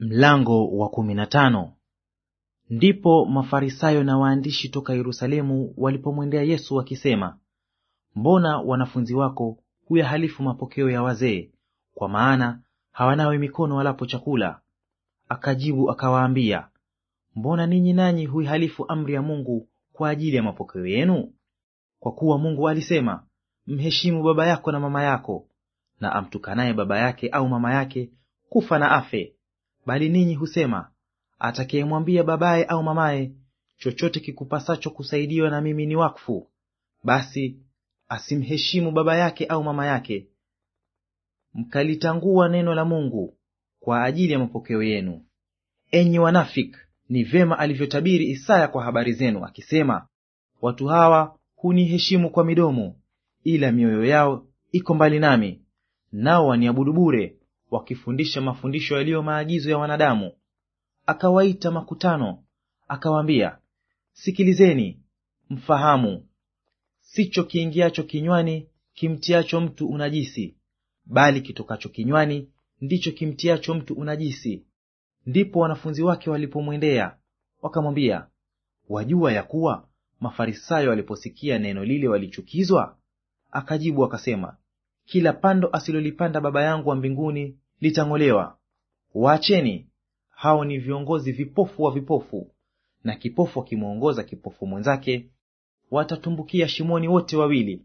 Mlango wa kumi na tano. Ndipo Mafarisayo na waandishi toka Yerusalemu walipomwendea Yesu wakisema, mbona wanafunzi wako huyahalifu mapokeo ya wazee? Kwa maana hawanawe mikono walapo chakula. Akajibu akawaambia, mbona ninyi nanyi huihalifu amri ya Mungu kwa ajili ya mapokeo yenu? Kwa kuwa Mungu alisema, mheshimu baba yako na mama yako, na amtukanaye baba yake au mama yake kufa na afe. Bali ninyi husema, atakayemwambia babaye au mamaye, chochote kikupasacho kusaidiwa na mimi ni wakfu, basi asimheshimu baba yake au mama yake. Mkalitangua neno la Mungu kwa ajili ya mapokeo yenu. Enyi wanafiki, ni vema alivyotabiri Isaya kwa habari zenu akisema, watu hawa huniheshimu kwa midomo, ila mioyo yao iko mbali nami, nao waniabudu bure, wakifundisha mafundisho yaliyo maagizo ya wanadamu. Akawaita makutano, akawaambia, sikilizeni mfahamu. Sicho kiingiacho kinywani kimtiacho mtu unajisi, bali kitokacho kinywani ndicho kimtiacho mtu unajisi. Ndipo wanafunzi wake walipomwendea wakamwambia, wajua ya kuwa Mafarisayo waliposikia neno lile walichukizwa? Akajibu akasema, kila pando asilolipanda Baba yangu wa mbinguni litang'olewa. Waacheni, hao ni viongozi vipofu wa vipofu, na kipofu akimwongoza kipofu mwenzake watatumbukia shimoni wote wawili.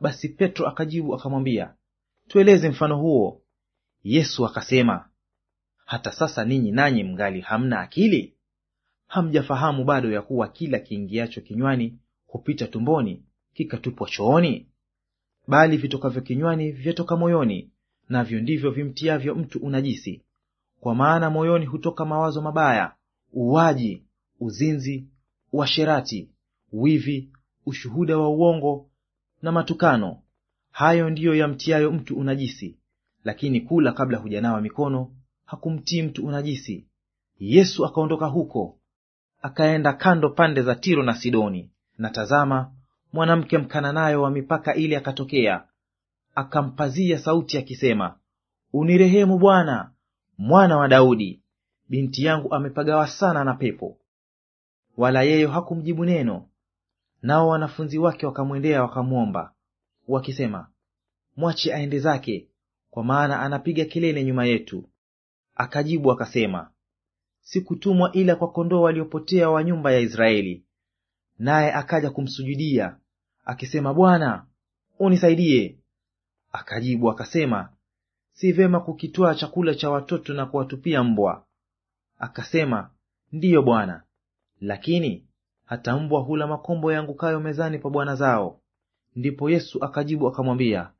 Basi Petro akajibu akamwambia, tueleze mfano huo. Yesu akasema, hata sasa ninyi nanyi mngali hamna akili? Hamjafahamu bado ya kuwa kila kiingiacho kinywani hupita tumboni kikatupwa chooni? Bali vitokavyo kinywani vyatoka moyoni, navyo ndivyo vimtiavyo mtu unajisi. Kwa maana moyoni hutoka mawazo mabaya, uwaji, uzinzi, uasherati, wivi, ushuhuda wa uongo na matukano. Hayo ndiyo yamtiayo mtu unajisi, lakini kula kabla hujanawa mikono hakumtii mtu unajisi. Yesu akaondoka huko akaenda kando pande za Tiro na Sidoni. Na tazama, mwanamke Mkananayo wa mipaka ile akatokea akampazia sauti akisema, unirehemu Bwana, mwana wa Daudi, binti yangu amepagawa sana na pepo. Wala yeye hakumjibu neno. Nao wanafunzi wake wakamwendea wakamwomba wakisema, mwache aende zake, kwa maana anapiga kelele nyuma yetu. Akajibu akasema, sikutumwa ila kwa kondoo waliopotea wa nyumba ya Israeli. Naye akaja kumsujudia akisema, Bwana unisaidie. Akajibu akasema, si vema kukitwaa chakula cha watoto na kuwatupia mbwa. Akasema, ndiyo Bwana, lakini hata mbwa hula makombo yaangukayo mezani pa bwana zao. Ndipo Yesu akajibu akamwambia,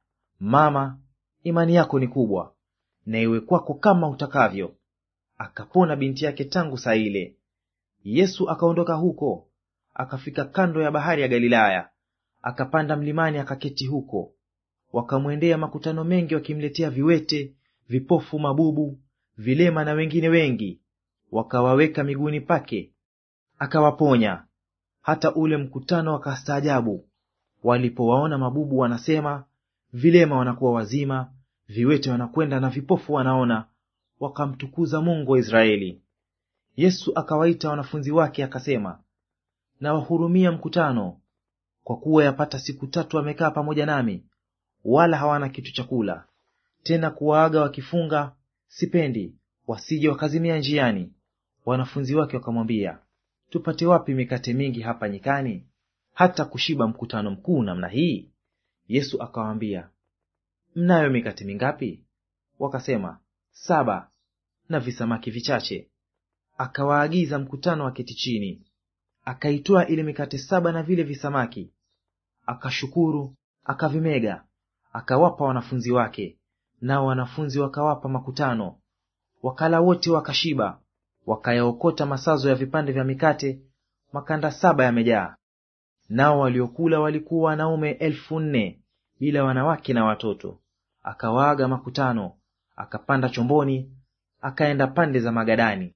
Mama, imani yako ni kubwa, na iwe kwako kama utakavyo. Akapona binti yake tangu saa ile. Yesu akaondoka huko, akafika kando ya bahari ya Galilaya, akapanda mlimani akaketi huko wakamwendea makutano mengi wakimletea viwete, vipofu, mabubu, vilema na wengine wengi, wakawaweka miguuni pake, akawaponya. Hata ule mkutano wakastaajabu walipowaona mabubu wanasema, vilema wanakuwa wazima, viwete wanakwenda na vipofu wanaona, wakamtukuza Mungu wa Israeli. Yesu akawaita wanafunzi wake akasema, nawahurumia mkutano, kwa kuwa yapata siku tatu amekaa pamoja nami wala hawana kitu cha kula. Tena kuwaaga wakifunga sipendi, wasije wakazimia njiani. Wanafunzi wake wakamwambia, tupate wapi mikate mingi hapa nyikani, hata kushiba mkutano mkuu namna hii? Yesu akawaambia, mnayo mikate mingapi? Wakasema, saba, na visamaki vichache. Akawaagiza mkutano waketi chini. Akaitoa ile mikate saba na vile visamaki, akashukuru, akavimega, akawapa wanafunzi wake, nao wanafunzi wakawapa makutano. Wakala wote wakashiba, wakayaokota masazo ya vipande vya mikate, makanda saba yamejaa. Nao waliokula walikuwa wanaume elfu nne bila wanawake na watoto. Akawaaga makutano, akapanda chomboni, akaenda pande za Magadani.